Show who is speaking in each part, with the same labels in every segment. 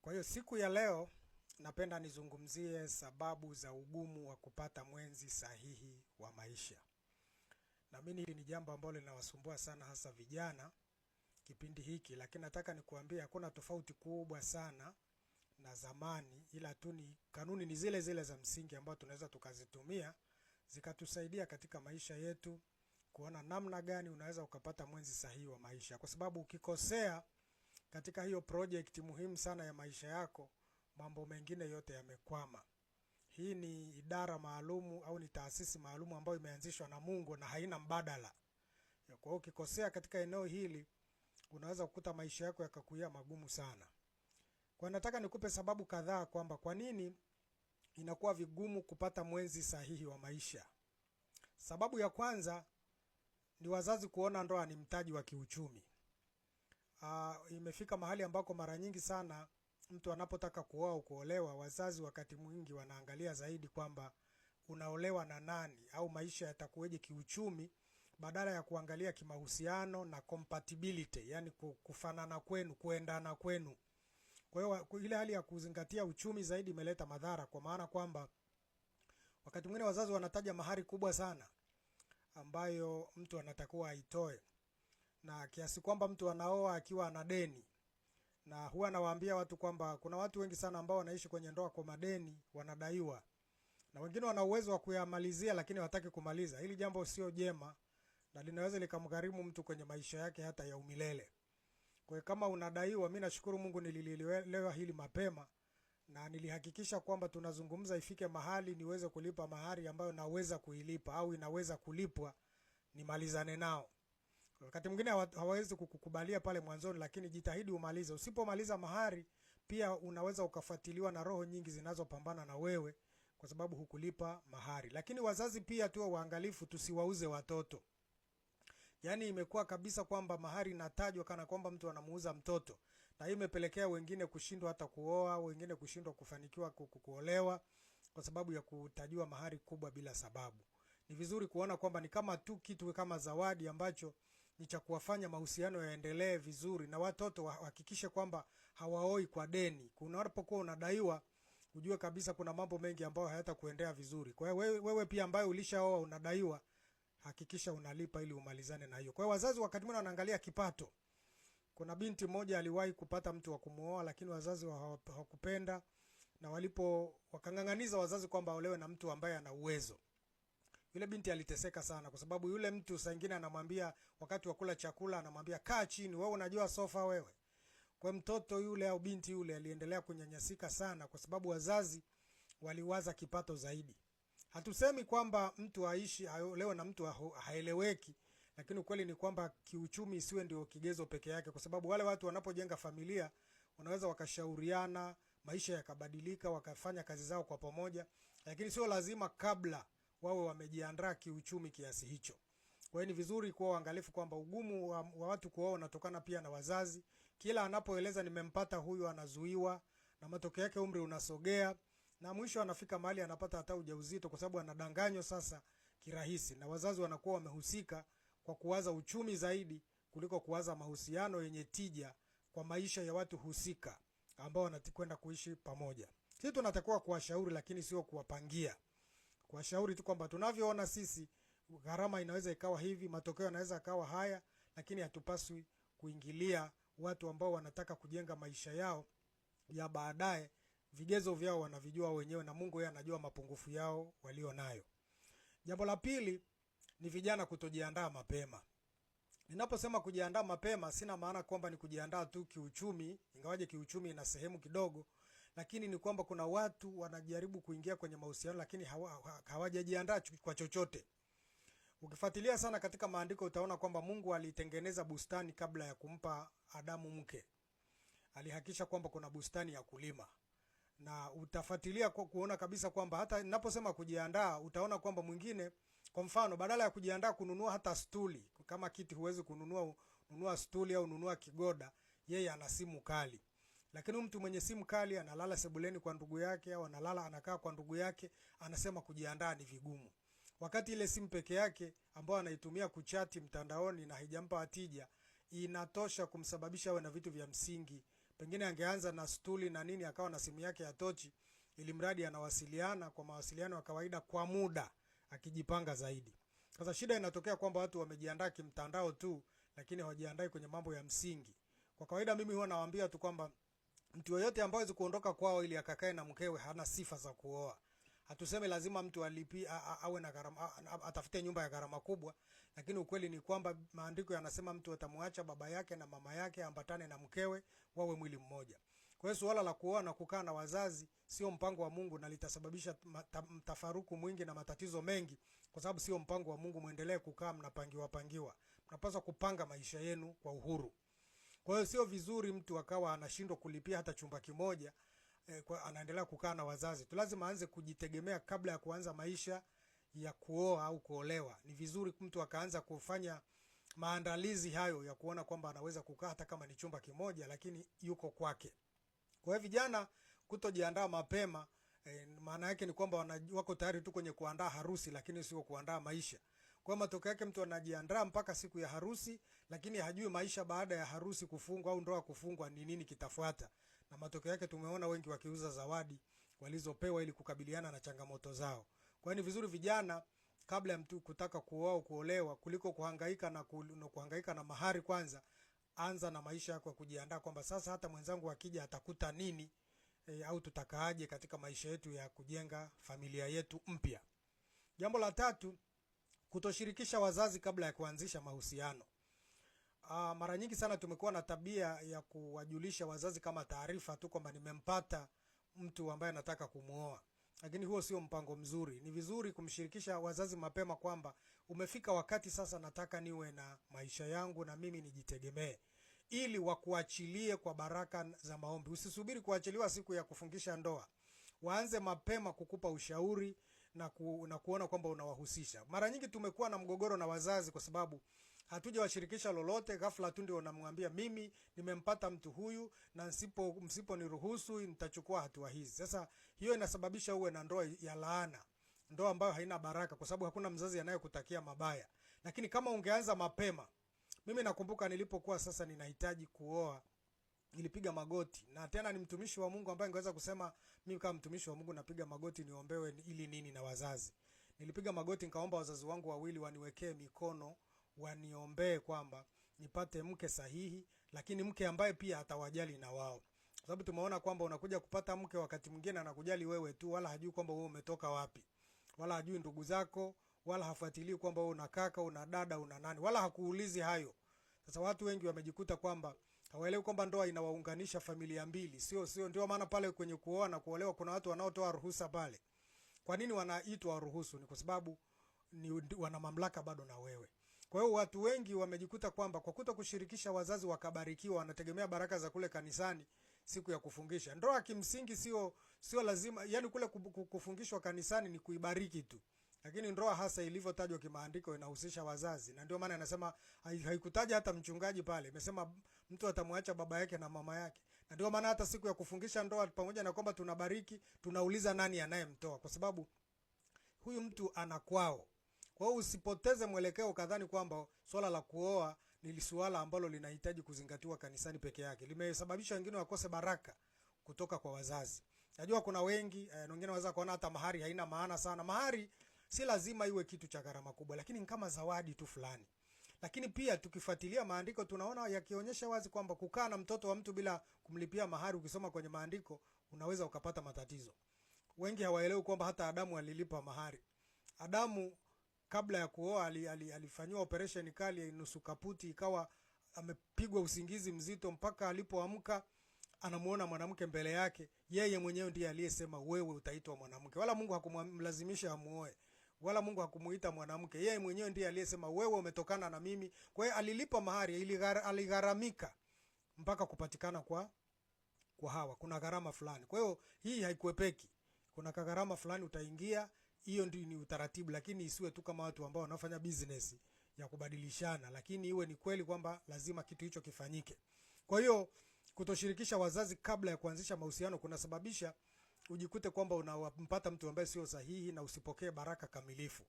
Speaker 1: Kwa hiyo siku ya leo napenda nizungumzie sababu za ugumu wa kupata mwenzi sahihi wa maisha. Naamini hili ni jambo ambalo linawasumbua sana hasa vijana kipindi hiki, lakini nataka nikuambie hakuna tofauti kubwa sana na zamani, ila tu ni kanuni ni zile zile za msingi ambazo tunaweza tukazitumia zikatusaidia katika maisha yetu kuona namna gani unaweza ukapata mwenzi sahihi wa maisha, kwa sababu ukikosea katika hiyo project muhimu sana ya maisha yako, mambo mengine yote yamekwama. Hii ni idara maalumu au ni taasisi maalumu ambayo imeanzishwa na Mungu na haina mbadala. Kwa hiyo ukikosea katika eneo hili, unaweza kukuta maisha yako yakakuia magumu sana. Kwa nataka nikupe sababu kadhaa kwamba kwa nini inakuwa vigumu kupata mwenzi sahihi wa maisha. Sababu ya kwanza ni wazazi kuona ndoa ni mtaji wa kiuchumi uh, imefika mahali ambako mara nyingi sana mtu anapotaka kuoa au kuolewa, wazazi wakati mwingi wanaangalia zaidi kwamba unaolewa na nani au maisha yatakuweje kiuchumi, badala ya kuangalia kimahusiano na compatibility, yani kufanana kwenu, kuendana kwenu. Kwa hiyo ile hali ya kuzingatia uchumi zaidi imeleta madhara, kwa maana kwamba wakati mwingine wazazi wanataja mahari kubwa sana ambayo mtu anatakiwa aitoe na kiasi kwamba mtu anaoa akiwa ana deni, na huwa anawaambia watu kwamba kuna watu wengi sana ambao wanaishi kwenye ndoa kwa madeni, wanadaiwa na wengine wana uwezo wa kuyamalizia lakini hawataki kumaliza. Hili jambo sio jema na linaweza likamgharimu mtu kwenye maisha yake hata ya umilele. Kwa hiyo kama unadaiwa, mi nashukuru Mungu nililielewa hili mapema na nilihakikisha kwamba tunazungumza, ifike mahali niweze kulipa mahari ambayo naweza kuilipa au inaweza kulipwa, nimalizane nao. Wakati mwingine hawawezi kukukubalia pale mwanzoni, lakini jitahidi umalize. Usipomaliza mahari, pia unaweza ukafuatiliwa na roho nyingi zinazopambana na wewe kwa sababu hukulipa mahari. Lakini wazazi pia tuwe waangalifu, tusiwauze watoto. Yaani imekuwa kabisa kwamba mahari inatajwa kana kwamba mtu anamuuza mtoto, na hii imepelekea wengine kushindwa hata kuoa, wengine kushindwa kufanikiwa kuolewa kwa sababu ya kutajiwa mahari kubwa bila sababu. Ni vizuri kuona kwamba ni kama tu kitu kama zawadi ambacho ni cha kuwafanya mahusiano yaendelee vizuri, na watoto wahakikishe kwamba hawaoi kwa deni. Unapokuwa unadaiwa ujue kabisa kuna mambo mengi ambayo hayatakuendea vizuri. Kwa hiyo wewe, wewe pia ambaye ulishaoa unadaiwa, hakikisha unalipa ili umalizane na hiyo. Kwa hiyo wazazi wakati mwingine wanaangalia kipato. Kuna binti mmoja aliwahi kupata mtu wa kumuoa, lakini wazazi hawakupenda na walipo wakang'ang'aniza wazazi kwamba aolewe na mtu ambaye ana uwezo. Yule binti aliteseka sana, kwa sababu yule mtu saa ingine anamwambia wakati wa kula chakula, anamwambia kaa chini, wewe unajua sofa wewe. Kwa mtoto yule au binti yule aliendelea kunyanyasika sana, kwa sababu wazazi waliwaza kipato zaidi. Hatusemi kwamba mtu aishi leo na mtu haeleweki, lakini ukweli ni kwamba kiuchumi isiwe ndio kigezo peke yake, kwa sababu wale watu wanapojenga familia wanaweza wakashauriana, maisha yakabadilika, wakafanya kazi zao kwa pamoja, lakini sio lazima kabla wawe wamejiandaa kiuchumi kiasi hicho. Kwa hiyo ni vizuri kuwa uangalifu kwamba ugumu wa, wa watu kuoa unatokana pia na wazazi. Kila anapoeleza nimempata huyu, anazuiwa na matokeo yake umri unasogea na mwisho anafika mahali anapata hata ujauzito, kwa sababu anadanganywa sasa kirahisi, na wazazi wanakuwa wamehusika kwa kuwaza uchumi zaidi kuliko kuwaza mahusiano yenye tija kwa maisha ya watu husika ambao wanakwenda kuishi pamoja. Sisi tunatakiwa kuwashauri, lakini sio kuwapangia kuwashauri tu kwamba tunavyoona sisi gharama inaweza ikawa hivi, matokeo yanaweza akawa haya, lakini hatupaswi kuingilia watu ambao wanataka kujenga maisha yao ya baadaye. Vigezo vyao wanavijua wenyewe, na Mungu yeye anajua mapungufu yao walio nayo. Jambo la pili ni vijana kutojiandaa mapema. Ninaposema kujiandaa mapema, sina maana kwamba ni kujiandaa tu kiuchumi, ingawaje kiuchumi ina sehemu kidogo lakini ni kwamba kuna watu wanajaribu kuingia kwenye mahusiano lakini hawajajiandaa hawa hawa kwa chochote. Ukifuatilia sana katika maandiko utaona kwamba Mungu alitengeneza bustani kabla ya kumpa Adamu mke, alihakikisha kwamba kuna bustani ya kulima na utafuatilia kuona kabisa kwamba hata ninaposema kujiandaa, utaona kwamba mwingine, kwa mfano, badala ya kujiandaa kununua hata stuli, kama kiti huwezi kununua, nunua stuli au nunua kigoda, yeye ana simu kali. Lakini mtu mwenye simu kali analala sebuleni kwa ndugu yake au analala anakaa kwa ndugu yake, anasema kujiandaa ni vigumu. Wakati ile simu peke yake ambayo anaitumia kuchati mtandaoni na haijampa tija, inatosha kumsababisha awe na vitu vya msingi. Pengine angeanza na stuli na nini, akawa na simu yake ya tochi, ili mradi anawasiliana kwa mawasiliano ya kawaida kwa muda, akijipanga zaidi. Sasa shida inatokea kwamba watu wamejiandaa kimtandao tu, lakini hawajiandai kwenye mambo ya msingi. Kwa kawaida mimi huwa nawaambia tu kwamba Mtu yoyote ambaye hawezi kuondoka kwao ili akakae na mkewe hana sifa za kuoa. Hatuseme lazima mtu alipi awe na gharama atafute nyumba ya gharama kubwa, lakini ukweli ni kwamba maandiko yanasema mtu atamwacha baba yake na mama yake ambatane na mkewe wawe mwili mmoja. Kwa hiyo suala la kuoa na kukaa na wazazi sio mpango wa Mungu na litasababisha mtafaruku mwingi na matatizo mengi, kwa sababu sio mpango wa Mungu. Mwendelee kukaa mnapangiwa pangiwa, mnapaswa kupanga maisha yenu kwa uhuru. Kwa hiyo sio vizuri mtu akawa anashindwa kulipia hata chumba kimoja e, kwa, anaendelea kukaa na wazazi tu. Lazima aanze kujitegemea kabla ya kuanza maisha ya kuoa au kuolewa. Ni vizuri mtu akaanza kufanya maandalizi hayo ya kuona kwamba anaweza kukaa hata kama ni chumba kimoja, lakini yuko kwake. Kwa hiyo vijana kutojiandaa mapema e, maana yake ni kwamba wako tayari tu kwenye kuandaa harusi, lakini sio kuandaa maisha. Kwa matokeo yake mtu anajiandaa mpaka siku ya harusi, lakini hajui maisha baada ya harusi kufungwa au ndoa kufungwa ni nini kitafuata. Na matokeo yake tumeona wengi wakiuza zawadi walizopewa ili kukabiliana na changamoto zao. Kwa ni vizuri vijana kabla ya mtu kutaka kuoa au kuolewa, kuliko kuhangaika na kuhangaika na mahari, kwanza anza na maisha yako ya kujiandaa kwamba sasa hata mwenzangu akija atakuta nini e, au tutakaaje katika maisha yetu ya kujenga familia yetu mpya. Jambo la tatu kutoshirikisha wazazi kabla ya kuanzisha mahusiano. Aa, ah, mara nyingi sana tumekuwa na tabia ya kuwajulisha wazazi kama taarifa tu kwamba nimempata mtu ambaye nataka kumwoa, lakini huo sio mpango mzuri. Ni vizuri kumshirikisha wazazi mapema kwamba umefika wakati sasa nataka niwe na maisha yangu na mimi nijitegemee, ili wakuachilie kwa baraka za maombi. Usisubiri kuachiliwa siku ya kufungisha ndoa, waanze mapema kukupa ushauri na, ku, na kuona kwamba unawahusisha. Mara nyingi tumekuwa na mgogoro na wazazi kwa sababu hatujawashirikisha lolote. Ghafla tu ndio wanamwambia mimi nimempata mtu huyu na msipo msiponiruhusu nitachukua hatua hizi. Sasa hiyo inasababisha uwe na ndoa ya laana, ndoa ambayo haina baraka, kwa sababu hakuna mzazi anayekutakia mabaya, lakini kama ungeanza mapema. Mimi nakumbuka nilipokuwa sasa ninahitaji kuoa nilipiga magoti na tena ni mtumishi wa Mungu ambaye ningeweza kusema mimi kama mtumishi wa Mungu napiga magoti niombewe ili nini na wazazi. Nilipiga magoti nikaomba wazazi wangu wawili waniwekee mikono waniombee kwamba nipate mke sahihi, lakini mke ambaye pia atawajali na wao, kwa sababu tumeona kwamba unakuja kupata mke, wakati mwingine anakujali wewe tu, wala hajui kwamba wewe umetoka wapi, wala hajui ndugu zako, wala hafuatilii kwamba wewe una kaka, una dada, una nani, wala hakuulizi hayo. Sasa watu wengi wamejikuta kwamba hawaelewi kwamba ndoa inawaunganisha familia mbili, sio sio. Ndio maana pale kwenye kuoa na kuolewa kuna watu wanaotoa ruhusa pale. Kwa nini wanaitwa ruhusu? Ni kwa sababu ni wana mamlaka bado na wewe. Kwa hiyo watu wengi wamejikuta kwamba kwa kuto kushirikisha wazazi wakabarikiwa, wanategemea baraka za kule kanisani siku ya kufungisha. Ndoa kimsingi sio sio lazima, yani kule kufungishwa kanisani ni kuibariki tu. Lakini ndoa hasa ilivyotajwa kimaandiko inahusisha wazazi, na ndio maana anasema haikutaja hata mchungaji pale, imesema mtu atamwacha baba yake na mama yake. Na ndio maana hata siku ya kufungisha ndoa, pamoja na kwamba tunabariki, tunauliza nani anayemtoa, kwa sababu huyu mtu ana kwao. Kwa hiyo usipoteze mwelekeo kadhani kwamba swala la kuoa ni suala ambalo linahitaji kuzingatiwa kanisani peke yake. Limesababisha wengine wakose baraka kutoka kwa wazazi. Najua kuna wengi eh, wengine wanaweza kuona hata mahari haina maana sana. Mahari si lazima iwe kitu cha gharama kubwa, lakini kama zawadi tu fulani. Lakini pia tukifuatilia maandiko tunaona yakionyesha wazi kwamba kukaa na mtoto wa mtu bila kumlipia mahari, ukisoma kwenye maandiko unaweza ukapata matatizo. Wengi hawaelewi kwamba hata Adamu alilipa mahari. Adamu kabla ya kuoa ali, ali, alifanyiwa operation kali nusu kaputi, ikawa amepigwa usingizi mzito mpaka alipoamka anamuona mwanamke mbele yake. Yeye mwenyewe ndiye aliyesema wewe utaitwa mwanamke, wala Mungu hakumlazimisha amuoe wala Mungu hakumuita mwanamke. Yeye mwenyewe ndiye aliyesema wewe umetokana na mimi. Kwa hiyo alilipa mahari, aligharamika mpaka kupatikana kwa kwa Hawa. Kuna gharama fulani, kwa hiyo hii haikuepeki. Kuna kagharama fulani utaingia, hiyo ndio ni utaratibu, lakini isiwe tu kama watu ambao wanafanya business ya kubadilishana, lakini iwe ni kweli kwamba lazima kitu hicho kifanyike. Kwa hiyo kutoshirikisha wazazi kabla ya kuanzisha mahusiano kunasababisha ujikute kwamba unampata mtu ambaye sio sahihi na usipokee baraka kamilifu.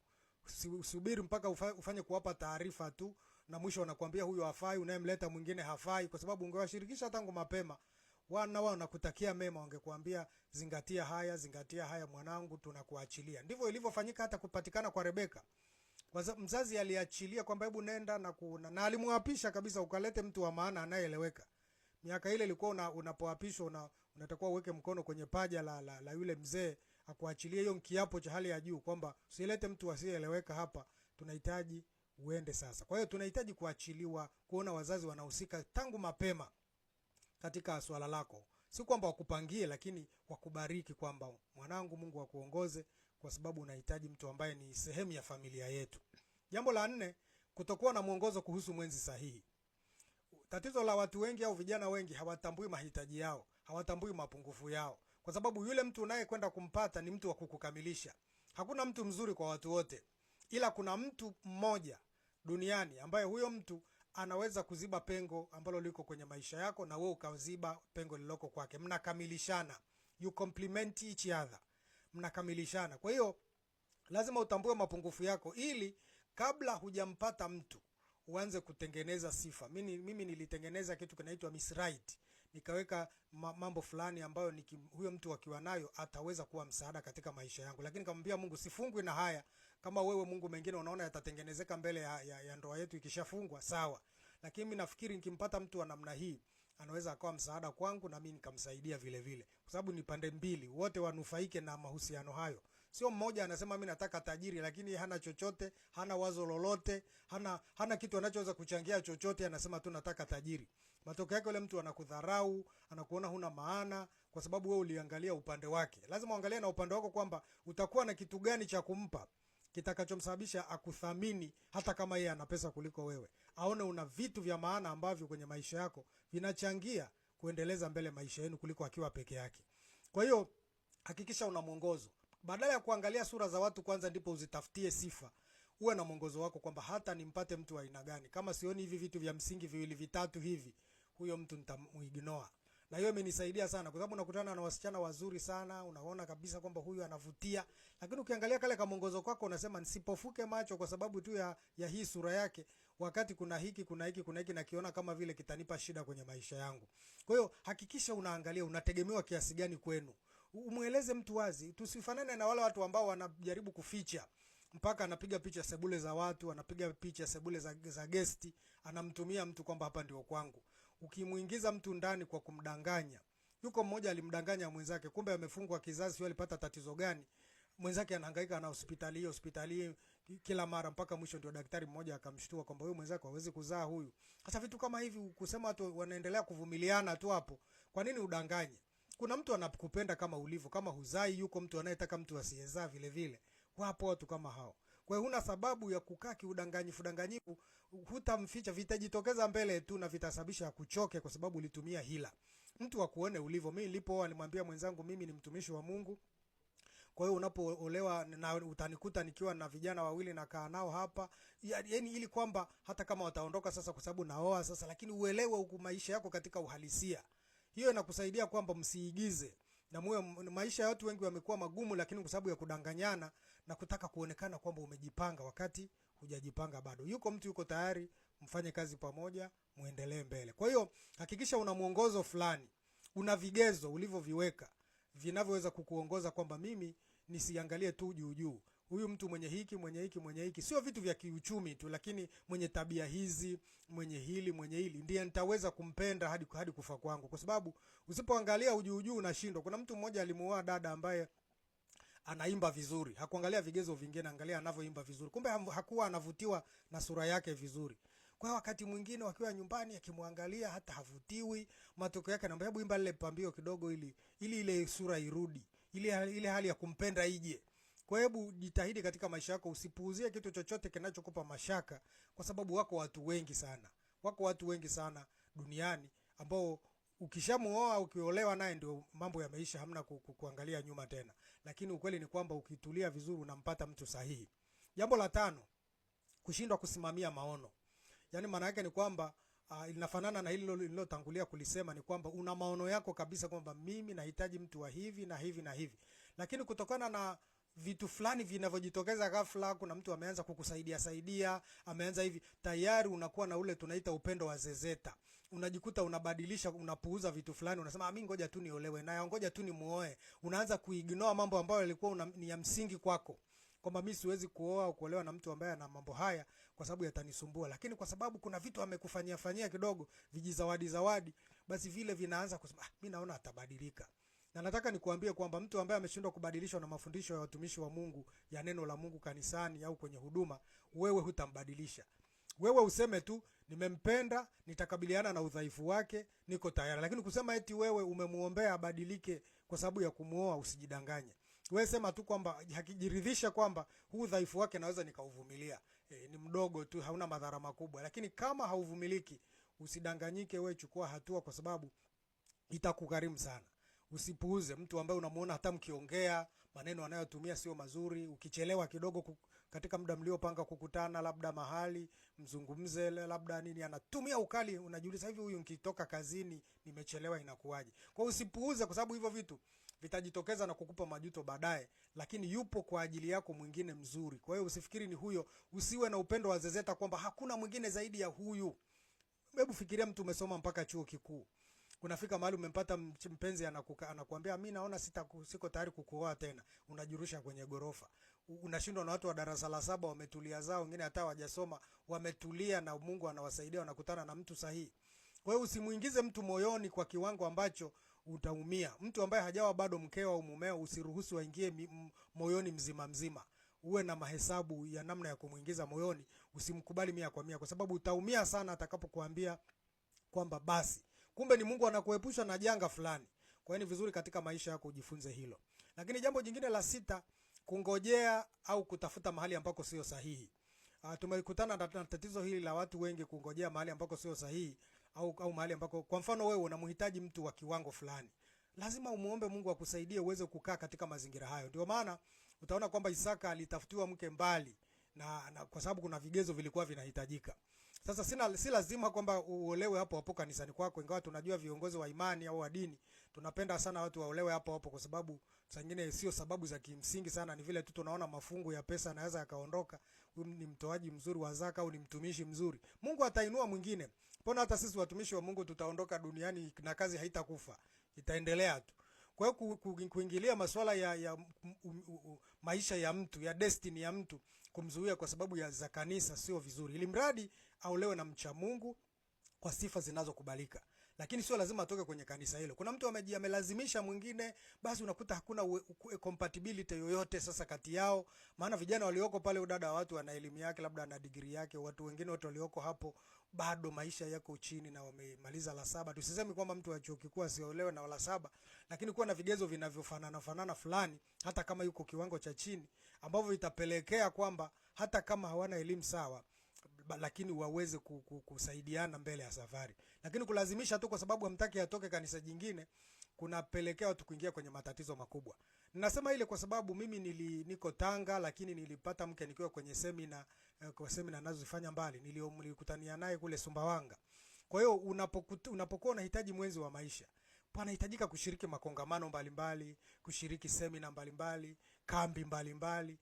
Speaker 1: Usubiri mpaka ufanye kuwapa taarifa tu, na mwisho wanakuambia huyo hafai, unayemleta mwingine hafai, kwa sababu ungewashirikisha tangu mapema. Wana wao nakutakia mema, wangekuambia zingatia haya, zingatia haya, mwanangu, tunakuachilia. Ndivyo ilivyofanyika hata kupatikana kwa Rebeka. Mzazi aliachilia kwamba hebu nenda na kuna, na alimwapisha kabisa, ukalete mtu wa maana anayeeleweka. Miaka ile ilikuwa una, unapoapishwa una, unatakiwa uweke mkono kwenye paja la, la, la yule mzee akuachilie hiyo kiapo cha hali ya juu kwamba usilete mtu asiyeeleweka hapa, tunahitaji uende sasa. Kwa hiyo tunahitaji kuachiliwa, kuona wazazi wanahusika tangu mapema katika swala lako, si kwamba wakupangie, lakini wakubariki kwamba mwanangu, Mungu akuongoze, kwa sababu unahitaji mtu ambaye ni sehemu ya familia yetu. Jambo la nne, kutokuwa na mwongozo kuhusu mwenzi sahihi. Tatizo la watu wengi au vijana wengi hawatambui mahitaji yao hawatambui mapungufu yao, kwa sababu yule mtu unayekwenda kumpata ni mtu wa kukukamilisha. Hakuna mtu mzuri kwa watu wote, ila kuna mtu mmoja duniani ambaye huyo mtu anaweza kuziba pengo ambalo liko kwenye maisha yako na wewe ukaziba pengo liloko kwake. Mnakamilishana, you complement each other, mnakamilishana. Kwa hiyo lazima utambue mapungufu yako ili kabla hujampata mtu uanze kutengeneza sifa. Mimi, mimi nilitengeneza kitu kinaitwa misright nikaweka mambo fulani ambayo niki, huyo mtu akiwa nayo ataweza kuwa msaada katika maisha yangu. Lakini kamwambia Mungu, sifungwi na haya. Kama wewe Mungu, mengine unaona yatatengenezeka mbele ya, ya, ya ndoa yetu ikishafungwa, sawa. Lakini mimi nafikiri nikimpata mtu wa namna hii anaweza akawa msaada kwangu na mimi nikamsaidia vile vile, kwa sababu ni pande mbili, wote wanufaike na mahusiano hayo. Sio mmoja anasema mimi nataka tajiri, lakini hana chochote, hana wazo lolote, hana hana kitu anachoweza kuchangia chochote, anasema tu nataka tajiri. Matokeo yake yule mtu anakudharau, anakuona huna maana, kwa sababu wewe uliangalia upande wake. Lazima uangalie na upande wako kwamba utakuwa na kitu gani cha kumpa kitakachomsababisha akuthamini hata kama yeye ana pesa kuliko wewe, aone una vitu vya maana ambavyo kwenye maisha yako vinachangia kuendeleza mbele maisha yenu kuliko akiwa peke yake. Kwa hiyo hakikisha una mwongozo badala ya kuangalia sura za watu kwanza ndipo uzitafutie sifa. Uwe na mwongozo wako kwamba hata nimpate mtu wa aina gani, kama sioni hivi vitu vya msingi viwili vitatu hivi, huyo mtu nitamuignore. Na hiyo imenisaidia sana, kwa sababu unakutana na wasichana wazuri sana, unaona kabisa kwamba huyu anavutia, lakini ukiangalia kale ka mwongozo kwako unasema nisipofuke macho kwa sababu tu ya, ya hii sura yake, wakati kuna hiki kuna hiki kuna hiki nakiona kama vile kitanipa shida kwenye maisha yangu. Kwa hiyo hakikisha unaangalia unategemewa kiasi gani kwenu umweleze mtu wazi. Tusifanane na wale watu ambao wanajaribu kuficha mpaka anapiga picha sebule za watu, anapiga picha sebule za, za gesti, anamtumia mtu kwamba hapa ndio kwangu. Ukimuingiza mtu ndani kwa kumdanganya, yuko mmoja alimdanganya mwenzake, kumbe amefungwa kizazi, yule alipata tatizo gani? Mwenzake anahangaika na hospitali hiyo hospitali kila mara, mpaka mwisho ndio daktari mmoja akamshtua kwamba huyu mwenzake hawezi kuzaa huyu. Sasa vitu kama hivi kusema watu wanaendelea kuvumiliana tu hapo, kwa nini udanganye? Kuna mtu anakupenda kama ulivyo, kama huzai, yuko mtu anayetaka mtu asiyezaa vile vile. Wapo watu kama hao. Kwa hiyo huna sababu ya kukaa kiudanganyifu danganyifu, hutamficha, vitajitokeza mbele tu na vitasababisha kuchoke, kwa sababu ulitumia hila. Mtu akuone ulivyo. Mimi nilipooa nilimwambia mwenzangu mimi ni mtumishi wa Mungu. Kwa hiyo unapoolewa na utanikuta nikiwa na vijana wawili na kaa nao hapa, yaani ili kwamba hata kama wataondoka sasa kwa sababu naoa sasa, lakini uelewe maisha yako katika uhalisia. Hiyo inakusaidia kwamba msiigize na muwe, maisha ya watu wengi wamekuwa magumu, lakini kwa sababu ya kudanganyana na kutaka kuonekana kwamba umejipanga wakati hujajipanga bado. Yuko mtu yuko tayari, mfanye kazi pamoja, muendelee mbele. Kwa hiyo hakikisha una mwongozo fulani, una vigezo ulivyoviweka vinavyoweza kukuongoza kwamba mimi nisiangalie tu juu juu huyu mtu mwenye hiki mwenye hiki mwenye hiki, sio vitu vya kiuchumi tu, lakini mwenye tabia hizi, mwenye hili mwenye hili, ndiye nitaweza kumpenda hadi hadi kufa kwangu, kwa sababu usipoangalia ujuu juu unashindwa. Kuna mtu mmoja alimuoa dada ambaye anaimba vizuri, hakuangalia vigezo vingine, angalia anavyoimba vizuri, kumbe hakuwa anavutiwa na sura yake vizuri. Kwa wakati mwingine wakiwa nyumbani, akimwangalia hata havutiwi. Matokeo yake anaambia, hebu imba lile pambio kidogo, ili ili ile sura irudi, ile ile hali ya kumpenda ije. Kwa hebu jitahidi katika maisha yako, usipuuzie kitu chochote kinachokupa mashaka, kwa sababu wako watu wengi sana, wako watu wengi sana duniani ambao ukishamuoa ukiolewa naye ndio mambo yameisha, hamna ku, ku, kuangalia nyuma tena. Lakini ukweli ni kwamba ukitulia vizuri unampata mtu sahihi. Jambo la tano, kushindwa kusimamia maono. Yaani maana yake ni kwamba uh, linafanana na hilo lililotangulia kulisema, ni kwamba una maono yako kabisa kwamba mimi nahitaji mtu wa hivi na hivi na hivi, lakini kutokana na vitu fulani vinavyojitokeza ghafla. Kuna mtu ameanza kukusaidia saidia, ameanza hivi, tayari unakuwa na ule tunaita upendo wa zezeta. Unajikuta unabadilisha, unapuuza vitu fulani, unasema mimi ah, ngoja tu niolewe naye, ngoja tu nimuoe. Unaanza kuignore mambo ambayo yalikuwa ni ya msingi kwako kwamba mimi siwezi kuoa au kuolewa na mtu ambaye ana mambo haya kwa sababu yatanisumbua, lakini kwa sababu kuna vitu amekufanyia fanyia kidogo, vijizawadi zawadi, basi vile vinaanza kusema ah, mimi naona atabadilika. Na nataka nikuambie kwamba mtu ambaye ameshindwa kubadilishwa na mafundisho ya watumishi wa Mungu ya neno la Mungu kanisani au kwenye huduma, wewe hutambadilisha. Wewe useme tu nimempenda, nitakabiliana na udhaifu wake, niko tayari. Lakini kusema eti wewe umemuombea abadilike kwa sababu ya kumuoa, usijidanganye. Wewe sema tu kwamba hakijiridhisha kwamba huu udhaifu wake naweza nikauvumilia. E, ni mdogo tu, hauna madhara makubwa. Lakini kama hauvumiliki, usidanganyike, wewe chukua hatua kwa sababu itakugharimu sana usipuuze mtu ambaye unamuona hata mkiongea maneno anayotumia sio mazuri. Ukichelewa kidogo kuk, katika muda mliopanga kukutana, labda mahali mzungumze, labda nini, anatumia ukali, unajiuliza hivi, huyu nikitoka kazini nimechelewa inakuwaje? Kwa usipuuze, kwa sababu hivyo vitu vitajitokeza na kukupa majuto baadaye, lakini yupo kwa ajili yako mwingine mzuri. Kwa hiyo usifikiri ni huyo, usiwe na upendo wa zezeta kwamba hakuna mwingine zaidi ya huyu. Hebu fikiria mtu umesoma mpaka chuo kikuu Unafika mahali umempata mpenzi anakuka, anakuambia mimi naona sita siko tayari kukuoa tena, unajirusha kwenye gorofa. Unashindwa na watu wa darasa la saba wametulia zao, wengine hata hawajasoma wametulia, na Mungu anawasaidia wanakutana na mtu sahihi. Kwa hiyo usimuingize mtu moyoni kwa kiwango ambacho utaumia. Mtu ambaye hajawa bado mkeo au mumeo, usiruhusu waingie moyoni mzima mzima. Uwe na mahesabu ya namna ya kumuingiza moyoni, usimkubali mia kwa mia, kwa sababu utaumia sana atakapokuambia kwamba basi Kumbe ni Mungu anakuepusha na janga fulani. Kwa hiyo ni vizuri katika maisha yako ujifunze hilo. Lakini jambo jingine la sita, kungojea au kutafuta mahali ambako sio sahihi. Uh, ah, tumekutana na tatizo hili la watu wengi kungojea mahali ambako sio sahihi au au mahali ambako kwa mfano wewe unamhitaji mtu wa kiwango fulani. Lazima umuombe Mungu akusaidie uweze kukaa katika mazingira hayo. Ndio maana utaona kwamba Isaka alitafutiwa mke mbali na, na kwa sababu kuna vigezo vilikuwa vinahitajika. Sasa sina si lazima kwamba uolewe hapo hapo kanisani kwako, ingawa tunajua viongozi wa imani au wa dini tunapenda sana watu waolewe hapo hapo, kwa sababu zingine sio sababu za kimsingi sana, ni vile tu tunaona mafungu ya pesa anaweza yakaondoka. Huyu ni mtoaji mzuri wa zaka au ni mtumishi mzuri, Mungu atainua mwingine. Mbona hata sisi watumishi wa Mungu tutaondoka duniani na kazi haitakufa, itaendelea tu. Kwa hiyo kuingilia masuala ya, ya u, u, u, maisha ya mtu ya destiny ya mtu kumzuia kwa sababu ya za kanisa sio vizuri, ili mradi aolewe na mcha Mungu kwa sifa zinazokubalika, lakini sio lazima atoke kwenye kanisa hilo. Kuna mtu ameji amelazimisha mwingine, basi unakuta hakuna we, we, compatibility yoyote sasa kati yao. Maana vijana walioko pale, udada wa watu wana elimu yake, labda ana degree yake, watu wengine wote walioko hapo bado maisha yako chini na wamemaliza la saba. Tusisemi kwamba mtu wa chuo kikuu asiolewe na la saba, lakini kuwa na vigezo vinavyofanana fanana fulani, hata kama yuko kiwango cha chini, ambavyo itapelekea kwamba hata kama hawana elimu sawa lakini waweze kusaidiana mbele ya safari. Lakini kulazimisha tu kwa sababu hamtaki atoke kanisa jingine kunapelekea watu kuingia kwenye matatizo makubwa. Ninasema ile kwa sababu mimi nili, niko Tanga lakini nilipata mke nikiwa kwenye semina eh, kwa semina nazozifanya mbali, nilikutania naye kule Sumbawanga. Kwa hiyo unapokuwa unahitaji mwenzi wa maisha, panahitajika kushiriki makongamano mbalimbali mbali, kushiriki semina mbalimbali kambi mbalimbali mbali,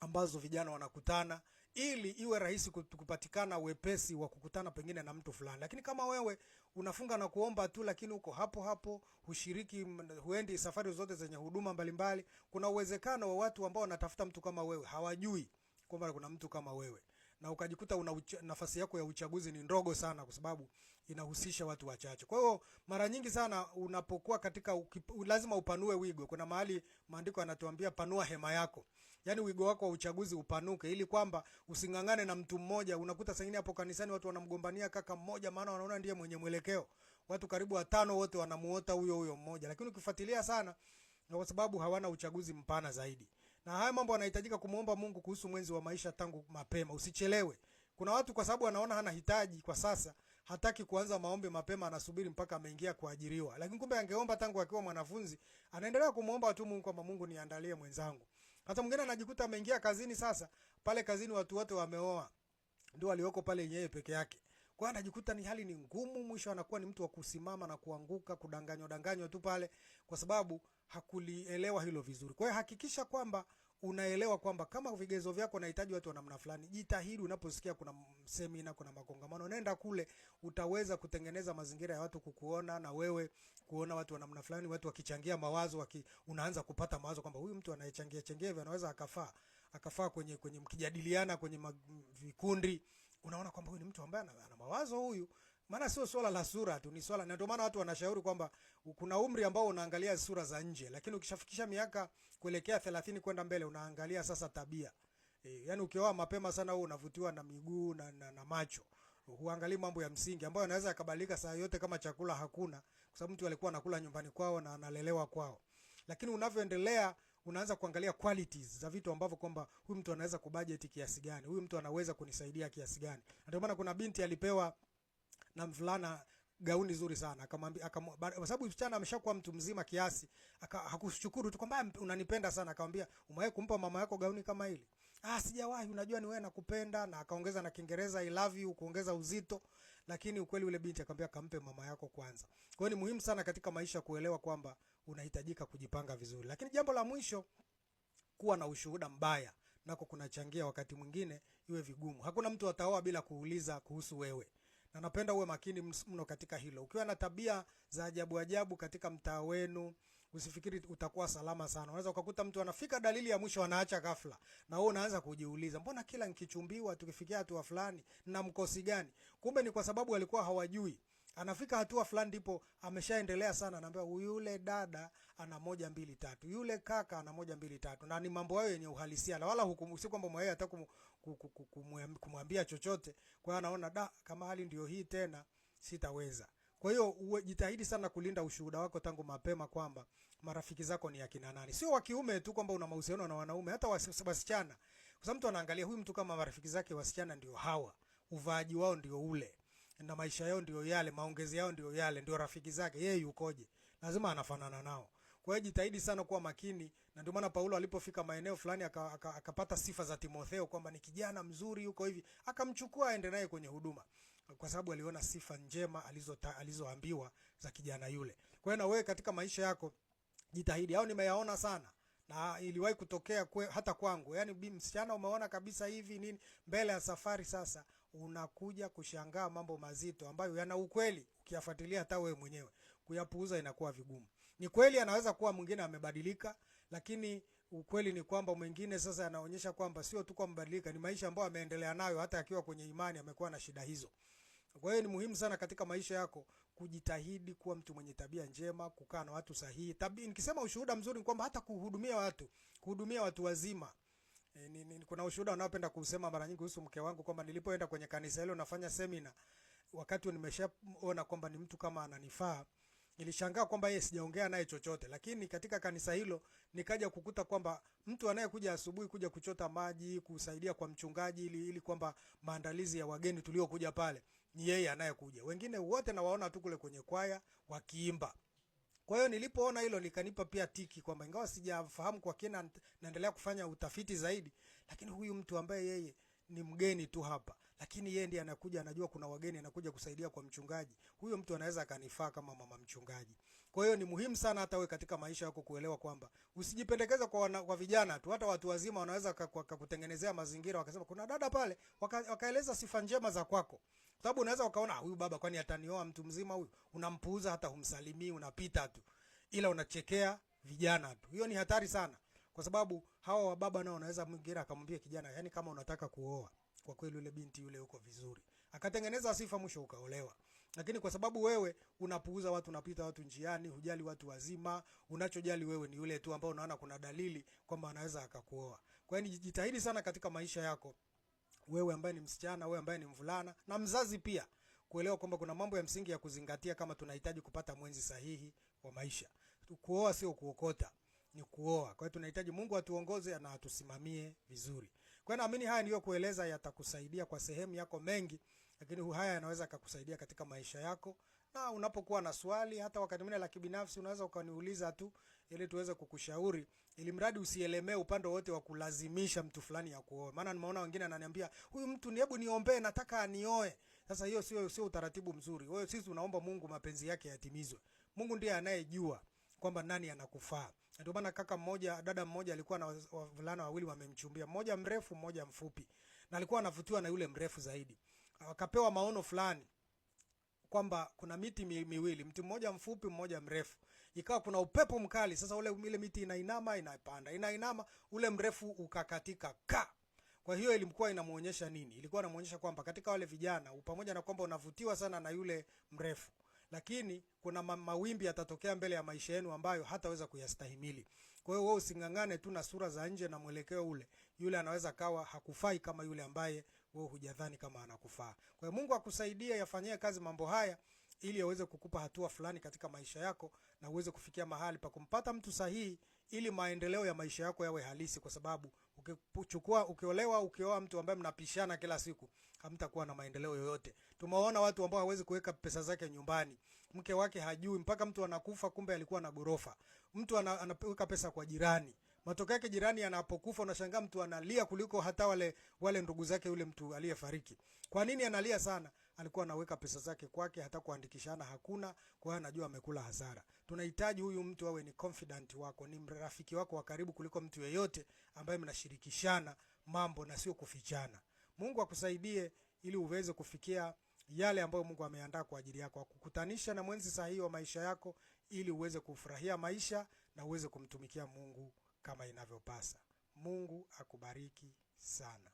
Speaker 1: ambazo vijana wanakutana ili iwe rahisi kupatikana wepesi wa kukutana pengine na mtu fulani. Lakini kama wewe unafunga na kuomba tu, lakini uko hapo hapo, hushiriki, huendi safari zote zenye huduma mbalimbali, kuna uwezekano wa watu ambao wanatafuta mtu kama wewe hawajui kwamba kuna mtu kama wewe na ukajikuta una nafasi yako ya uchaguzi ni ndogo sana, kwa sababu inahusisha watu wachache. Kwa hiyo mara nyingi sana unapokuwa katika ukip, lazima upanue wigo. Kuna mahali maandiko yanatuambia panua hema yako, yaani wigo wako wa uchaguzi upanuke, ili kwamba using'ang'ane na mtu mmoja. Unakuta sengine hapo kanisani watu wanamgombania kaka mmoja, maana wanaona ndiye mwenye mwelekeo. Watu karibu watano wote wanamuota huyo huyo mmoja, lakini ukifuatilia sana na kwa sababu hawana uchaguzi mpana zaidi. Na haya mambo yanahitajika kumwomba Mungu kuhusu mwenzi wa maisha tangu mapema, usichelewe. Kuna watu kwa sababu wanaona hana hitaji kwa sasa hataki kuanza maombi mapema, anasubiri mpaka ameingia kuajiriwa. Lakini kumbe angeomba tangu akiwa mwanafunzi, anaendelea kumuomba tu Mungu kwamba Mungu niandalie mwenzangu. Hata mwingine anajikuta ameingia kazini sasa, pale kazini watu wote wameoa, ndio alioko pale yeye peke yake. Kwa anajikuta ni hali ni ngumu, mwisho anakuwa ni mtu wa kusimama na kuanguka, kudanganywa danganywa tu pale, kwa sababu hakulielewa hilo vizuri. Kwa hiyo hakikisha kwamba unaelewa kwamba kama vigezo vyako unahitaji watu wa namna fulani, jitahidi unaposikia kuna semina, kuna makongamano, nenda kule. Utaweza kutengeneza mazingira ya watu kukuona na wewe kuona watu wa namna fulani, watu wakichangia mawazo waki, unaanza kupata mawazo kwamba huyu mtu anayechangia changia hivyo anaweza akafaa akafaa kwenye kwenye mkijadiliana kwenye vikundi, unaona kwamba huyu ni mtu ambaye ana mawazo huyu maana sio swala la sura tu, ni swala na ndio maana watu wanashauri kwamba kuna umri ambao unaangalia sura za nje, lakini ukishafikisha miaka kuelekea 30 kwenda mbele unaangalia sasa tabia. E, yaani ukioa mapema sana wewe unavutiwa na miguu na, na, na macho. Huangalii mambo ya msingi ambayo yanaweza yakabadilika saa yote kama chakula hakuna, kwa sababu mtu alikuwa anakula nyumbani kwao na analelewa kwao. Lakini unavyoendelea unaanza kuangalia qualities za vitu ambavyo kwamba huyu mtu anaweza kubudget kiasi gani, huyu mtu anaweza kunisaidia kiasi gani. Ndio maana kuna binti alipewa na mvulana gauni zuri sana akamwambia, kwa sababu msichana ameshakuwa mtu mzima kiasi, hakushukuru tu kwamba ah, unanipenda sana. Akamwambia, umewahi kumpa mama yako gauni kama hili? Ah, sijawahi. Unajua ni wewe nakupenda. Na akaongeza na Kiingereza i love you kuongeza uzito, lakini ukweli ule binti akamwambia, kampe mama yako kwanza. Kwa hiyo ni muhimu sana katika maisha kuelewa kwamba unahitajika kujipanga vizuri, lakini jambo la mwisho, kuwa na ushuhuda mbaya nako kunachangia wakati mwingine iwe vigumu. Hakuna mtu ataoa bila kuuliza kuhusu wewe na napenda uwe makini mno katika hilo. Ukiwa na tabia za ajabu ajabu katika mtaa wenu, usifikiri utakuwa salama sana. Unaweza ukakuta mtu anafika dalili ya mwisho anaacha ghafla, na wewe unaanza kujiuliza, mbona kila nikichumbiwa, tukifikia hatua fulani na mkosi gani? Kumbe ni kwa sababu alikuwa hawajui anafika hatua fulani ndipo ameshaendelea sana, anaambia yule dada ana moja mbili tatu, yule kaka ana moja mbili tatu, na ni mambo hayo yenye uhalisia, na wala hukumu, si kwamba mwaye atakumu kumwambia chochote. Kwa hiyo anaona da, kama hali ndio hii tena sitaweza. Kwa hiyo jitahidi sana kulinda ushuhuda wako tangu mapema kwamba marafiki zako ni akina nani. Sio wa kiume tu kwamba una mahusiano na wanaume, hata wasichana. Kwa sababu mtu anaangalia huyu mtu kama marafiki zake wasichana ndio hawa, uvaaji wao ndio ule, na maisha yao ndio yale, maongezi yao ndio yale, ndio rafiki zake. Yeye yukoje? Lazima anafanana nao. Kwa hiyo jitahidi sana kuwa makini, na ndio maana Paulo alipofika maeneo fulani akapata aka, aka sifa za Timotheo kwamba ni kijana mzuri yuko hivi, akamchukua aende naye kwenye huduma, kwa sababu aliona sifa njema alizoambiwa alizo za kijana yule. Kwa hiyo na wewe katika maisha yako jitahidi, au nimeyaona sana na iliwahi kutokea kwe, hata kwangu, yaani bi msichana umeona kabisa hivi nini mbele ya safari. Sasa unakuja kushangaa mambo mazito ambayo yana ukweli, ukiyafuatilia hata wewe mwenyewe kuyapuuza inakuwa vigumu. Ni kweli anaweza kuwa mwingine amebadilika, lakini ukweli ni kwamba mwingine sasa anaonyesha kwamba sio tu kwamba amebadilika, ni maisha ambayo ameendelea nayo hata akiwa kwenye imani amekuwa na shida hizo. Kwa hiyo ni muhimu sana katika maisha yako kujitahidi kuwa mtu mwenye tabia njema, kukaa na watu sahihi. Tabia, nikisema ushuhuda mzuri ni kwamba hata kuhudumia watu, kuhudumia watu wazima. E, ni, ni, kuna ushuhuda unaopenda kusema mara nyingi kuhusu mke wangu kwamba nilipoenda kwenye kanisa hilo nafanya semina, wakati nimeshaona kwamba ni mtu kama ananifaa nilishangaa kwamba yeye sijaongea naye chochote, lakini katika kanisa hilo nikaja kukuta kwamba mtu anayekuja asubuhi kuja kuchota maji kusaidia kwa mchungaji ili, ili kwamba maandalizi ya wageni tuliokuja pale ni yeye anayekuja. Wengine wote nawaona tu kule kwenye kwaya wakiimba. Kwa hiyo nilipoona hilo likanipa pia tiki kwamba ingawa sijafahamu kwa kina, naendelea kufanya utafiti zaidi, lakini huyu mtu ambaye yeye ni mgeni tu hapa lakini yeye ndiye anakuja, anajua kuna wageni, anakuja kusaidia kwa mchungaji huyo. Mtu anaweza akanifaa kama mama mchungaji. Kwa hiyo ni muhimu sana hata wewe katika maisha yako kuelewa kwamba usijipendekeze kwa, wana, kwa vijana tu, hata watu wazima wanaweza kukutengenezea mazingira, wakasema kuna dada pale, waka, wakaeleza sifa njema za kwako, sababu unaweza ukaona ah, huyu baba, kwani atanioa mtu mzima huyu? Unampuuza, hata humsalimii, unapita tu, ila unachekea vijana tu. Hiyo ni hatari sana, kwa sababu hawa wababa nao wanaweza mwingine akamwambia kijana, yani kama unataka kuoa kwa kweli yule binti yule yuko vizuri, akatengeneza sifa, mwisho ukaolewa. Lakini kwa sababu wewe unapuuza watu, unapita watu njiani, hujali watu wazima, unachojali wewe ni yule tu ambao unaona kuna dalili kwamba anaweza akakuoa. Kwa hiyo jitahidi sana katika maisha yako wewe ambaye ni msichana, wewe ambaye ni mvulana na mzazi pia kuelewa kwamba kuna mambo ya msingi ya kuzingatia kama tunahitaji kupata mwenzi sahihi wa maisha. Kuoa sio kuokota, ni kuoa. Kwa hiyo tunahitaji Mungu atuongoze na atusimamie vizuri. Kwa hiyo naamini haya niliyokueleza yatakusaidia kwa sehemu yako mengi, lakini haya yanaweza kukusaidia katika maisha yako, na unapokuwa na swali, hata wakati mwingine la kibinafsi, unaweza ukaniuliza tu ili tuweze kukushauri, ili mradi usielemee upande wote wa kulazimisha mtu fulani ya kuoa. Maana nimeona wengine ananiambia huyu mtu ni hebu niombee, nataka anioe. Sasa hiyo sio sio utaratibu mzuri. Wewe sisi unaomba Mungu mapenzi yake yatimizwe. Mungu ndiye anayejua kwamba nani anakufaa. Ndio maana kaka mmoja, dada mmoja alikuwa na wavulana wawili wamemchumbia, mmoja mrefu, mmoja mfupi, na alikuwa anavutiwa na yule mrefu zaidi. Akapewa maono fulani kwamba kuna miti mi, miwili, mti mmoja mfupi, mmoja mrefu. Ikawa kuna upepo mkali. Sasa ule ile miti inainama, inapanda, inainama, ule mrefu ukakatika ka kwa hiyo ilikuwa inamuonyesha nini? Ilikuwa inamuonyesha kwamba katika wale vijana, pamoja na kwamba unavutiwa sana na yule mrefu, lakini kuna mawimbi yatatokea mbele ya maisha yenu ambayo hataweza kuyastahimili. Kwa hiyo wewe using'ang'ane tu na sura za nje na mwelekeo ule, yule anaweza kawa hakufai kama yule ambaye wewe hujadhani kama anakufaa. Kwa hiyo Mungu akusaidie, yafanyie kazi mambo haya ili aweze kukupa hatua fulani katika maisha yako na uweze kufikia mahali pa kumpata mtu sahihi, ili maendeleo ya maisha yako yawe halisi, kwa sababu Ukichukua ukiolewa, ukioa mtu ambaye mnapishana kila siku, hamtakuwa na maendeleo yoyote. Tumeona watu ambao hawezi kuweka pesa zake nyumbani, mke wake hajui mpaka mtu anakufa, kumbe alikuwa na gorofa. Mtu anaweka pesa kwa jirani, matokeo yake jirani anapokufa unashangaa mtu analia kuliko hata wale wale ndugu zake yule mtu aliyefariki. Kwa nini analia sana? alikuwa anaweka pesa zake kwake, hata kuandikishana hakuna. Kwa hiyo anajua amekula hasara. Tunahitaji huyu mtu awe ni confidant wako, ni rafiki wako wa karibu kuliko mtu yeyote ambaye mnashirikishana mambo na sio kufichana. Mungu akusaidie ili uweze kufikia yale ambayo Mungu ameandaa kwa ajili yako, akukutanisha na mwenzi sahihi wa maisha yako ili uweze kufurahia maisha na uweze kumtumikia Mungu kama inavyopasa. Mungu akubariki sana.